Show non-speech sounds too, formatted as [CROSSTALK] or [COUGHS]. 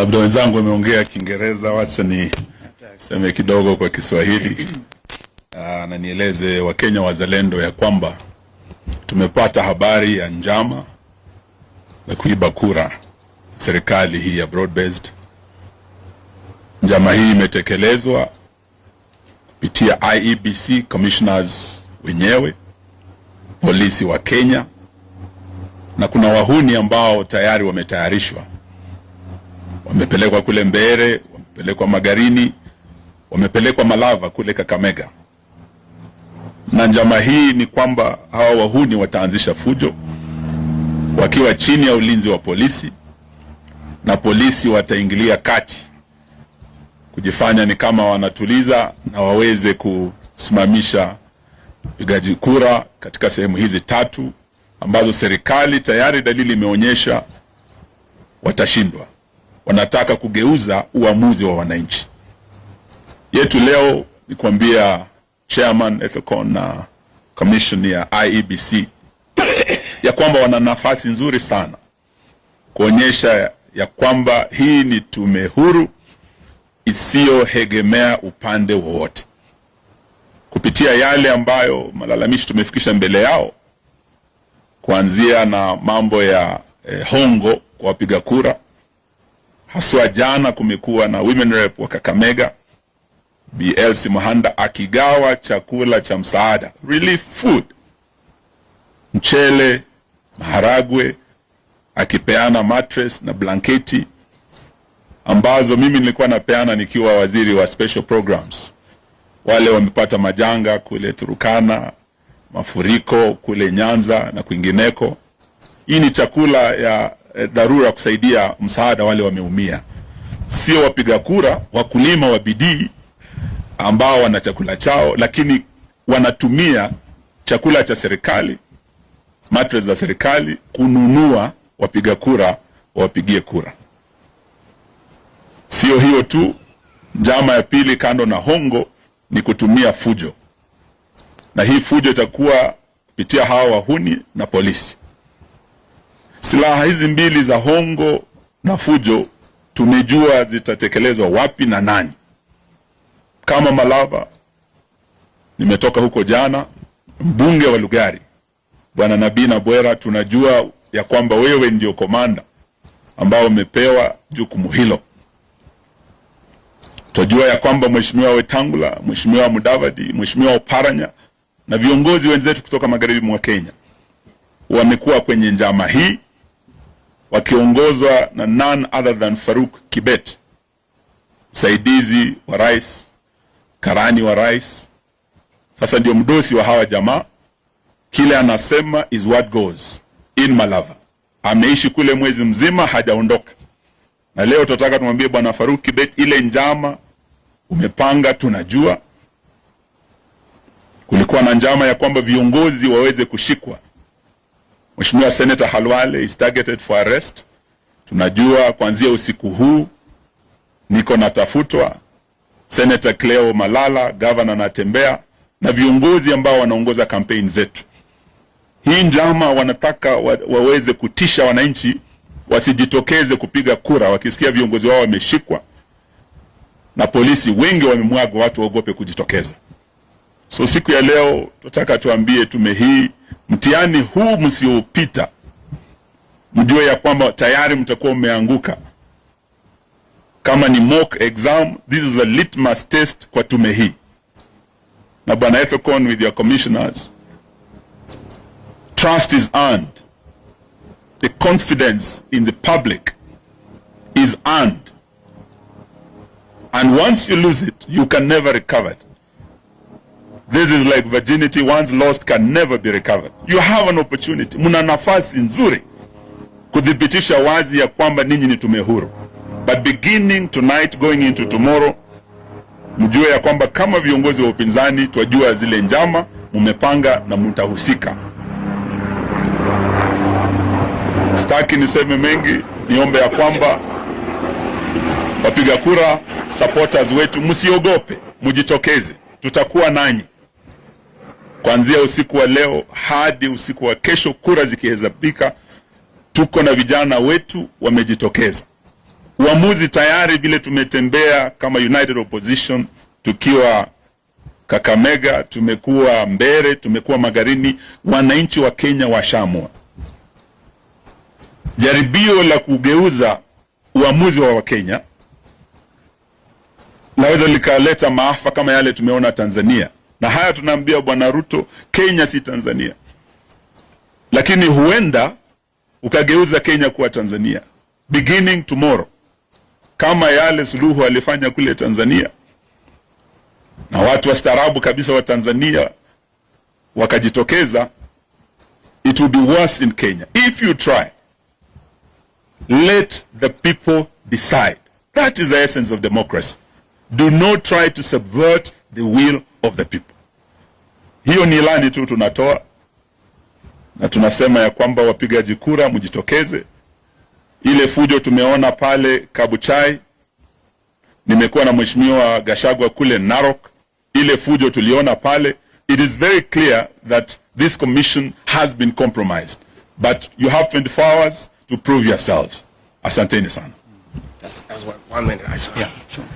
Labda wenzangu wameongea Kiingereza, wacha ni seme kidogo kwa Kiswahili ah, na nieleze Wakenya wazalendo ya kwamba tumepata habari ya njama ya kuiba kura serikali hii ya broad based. Njama hii imetekelezwa kupitia IEBC commissioners wenyewe, polisi wa Kenya na kuna wahuni ambao tayari wametayarishwa wamepelekwa kule Mbeere, wamepelekwa Magarini, wamepelekwa Malava kule Kakamega. Na njama hii ni kwamba hawa wahuni wataanzisha fujo wakiwa chini ya ulinzi wa polisi, na polisi wataingilia kati kujifanya ni kama wanatuliza na waweze kusimamisha upigaji kura katika sehemu hizi tatu ambazo serikali tayari dalili imeonyesha watashindwa wanataka kugeuza uamuzi wa wananchi yetu. Leo ni kuambia chairman Ethicon na commission ya IEBC [COUGHS] ya kwamba wana nafasi nzuri sana kuonyesha ya kwamba hii ni tume huru isiyohegemea upande wowote. Kupitia yale ambayo malalamishi tumefikisha mbele yao, kuanzia na mambo ya eh, hongo kwa wapiga kura haswa jana kumekuwa na women rep wa Kakamega, BLC Elsie akigawa chakula cha msaada relief food, mchele, maharagwe, akipeana mattress na blanketi ambazo mimi nilikuwa napeana nikiwa waziri wa special programs. Wale wamepata majanga kule Turukana, mafuriko kule Nyanza na kwingineko. Hii ni chakula ya Eh, dharura kusaidia msaada wale wameumia, sio wapiga kura, wakulima wa bidii ambao wana chakula chao, lakini wanatumia chakula cha serikali, matres za serikali kununua wapiga kura wawapigie kura. Sio hiyo tu, njama ya pili kando na hongo ni kutumia fujo, na hii fujo itakuwa kupitia hawa wahuni na polisi. Silaha hizi mbili za hongo na fujo tumejua zitatekelezwa wapi na nani. Kama Malava, nimetoka huko jana, mbunge wa Lugari Bwana Nabii na bwera tunajua ya kwamba wewe ndio komanda ambao umepewa jukumu hilo. Tunajua ya kwamba Mheshimiwa Wetangula, Mheshimiwa Mudavadi, Mheshimiwa Oparanya na viongozi wenzetu kutoka magharibi mwa Kenya wamekuwa kwenye njama hii wakiongozwa na none other than Faruk Kibet, msaidizi wa rais, karani wa rais, sasa ndio mdosi wa hawa jamaa. Kile anasema is what goes in Malava. Ameishi kule mwezi mzima hajaondoka, na leo tunataka tumwambie bwana Faruk Kibet, ile njama umepanga tunajua. Kulikuwa na njama ya kwamba viongozi waweze kushikwa Mheshimiwa Senator Halwale is targeted for arrest. Tunajua kuanzia usiku huu niko natafutwa. Senator Cleo Malala, gavana anatembea na viongozi ambao wanaongoza kampeni zetu. Hii njama wanataka wa, waweze kutisha wananchi wasijitokeze kupiga kura, wakisikia viongozi wao wameshikwa na polisi, wengi wamemwaga, watu waogope kujitokeza. So siku ya leo tunataka tuambie tume hii mtihani huu msiopita, mjue ya kwamba tayari mtakuwa mmeanguka. Kama ni mock exam, this is a litmus test kwa tume hii na Bwana Ethekon with your commissioners, trust is earned, the confidence in the public is earned, and once you lose it you can never recover it. This is like virginity once lost can never be recovered. You have an opportunity, mna nafasi nzuri kudhibitisha wazi ya kwamba ninyi ni tume huru, but beginning tonight going into tomorrow, mjue ya kwamba kama viongozi wa upinzani twajua zile njama mmepanga na mtahusika. Sitaki niseme mengi, niombe ya kwamba wapiga kura supporters wetu msiogope, mjitokeze, tutakuwa nanyi. Kuanzia usiku wa leo hadi usiku wa kesho, kura zikihesabika, tuko na vijana wetu wamejitokeza. Uamuzi tayari vile tumetembea kama United Opposition, tukiwa Kakamega, tumekuwa Mbere, tumekuwa Magarini, wananchi wa Kenya washamua. Jaribio la kugeuza uamuzi wa Wakenya naweza likaleta maafa kama yale tumeona Tanzania na haya tunaambia Bwana Ruto, Kenya si Tanzania, lakini huenda ukageuza Kenya kuwa Tanzania beginning tomorrow, kama yale Suluhu alifanya kule Tanzania, na watu wastaarabu kabisa wa Tanzania wakajitokeza. It will be worse in Kenya if you try. Let the people decide. That is the essence of democracy. Do not try to subvert the will of the people. Hiyo ni ilani tu tunatoa, na tunasema ya kwamba wapigaji kura mjitokeze. Ile fujo tumeona pale Kabuchai, nimekuwa na mheshimiwa Gashagwa kule Narok, ile fujo tuliona pale. It is very clear that this commission has been compromised, but you have 24 hours to prove yourselves. Asanteni sana. That's, that was one minute I saw. Yeah, sure.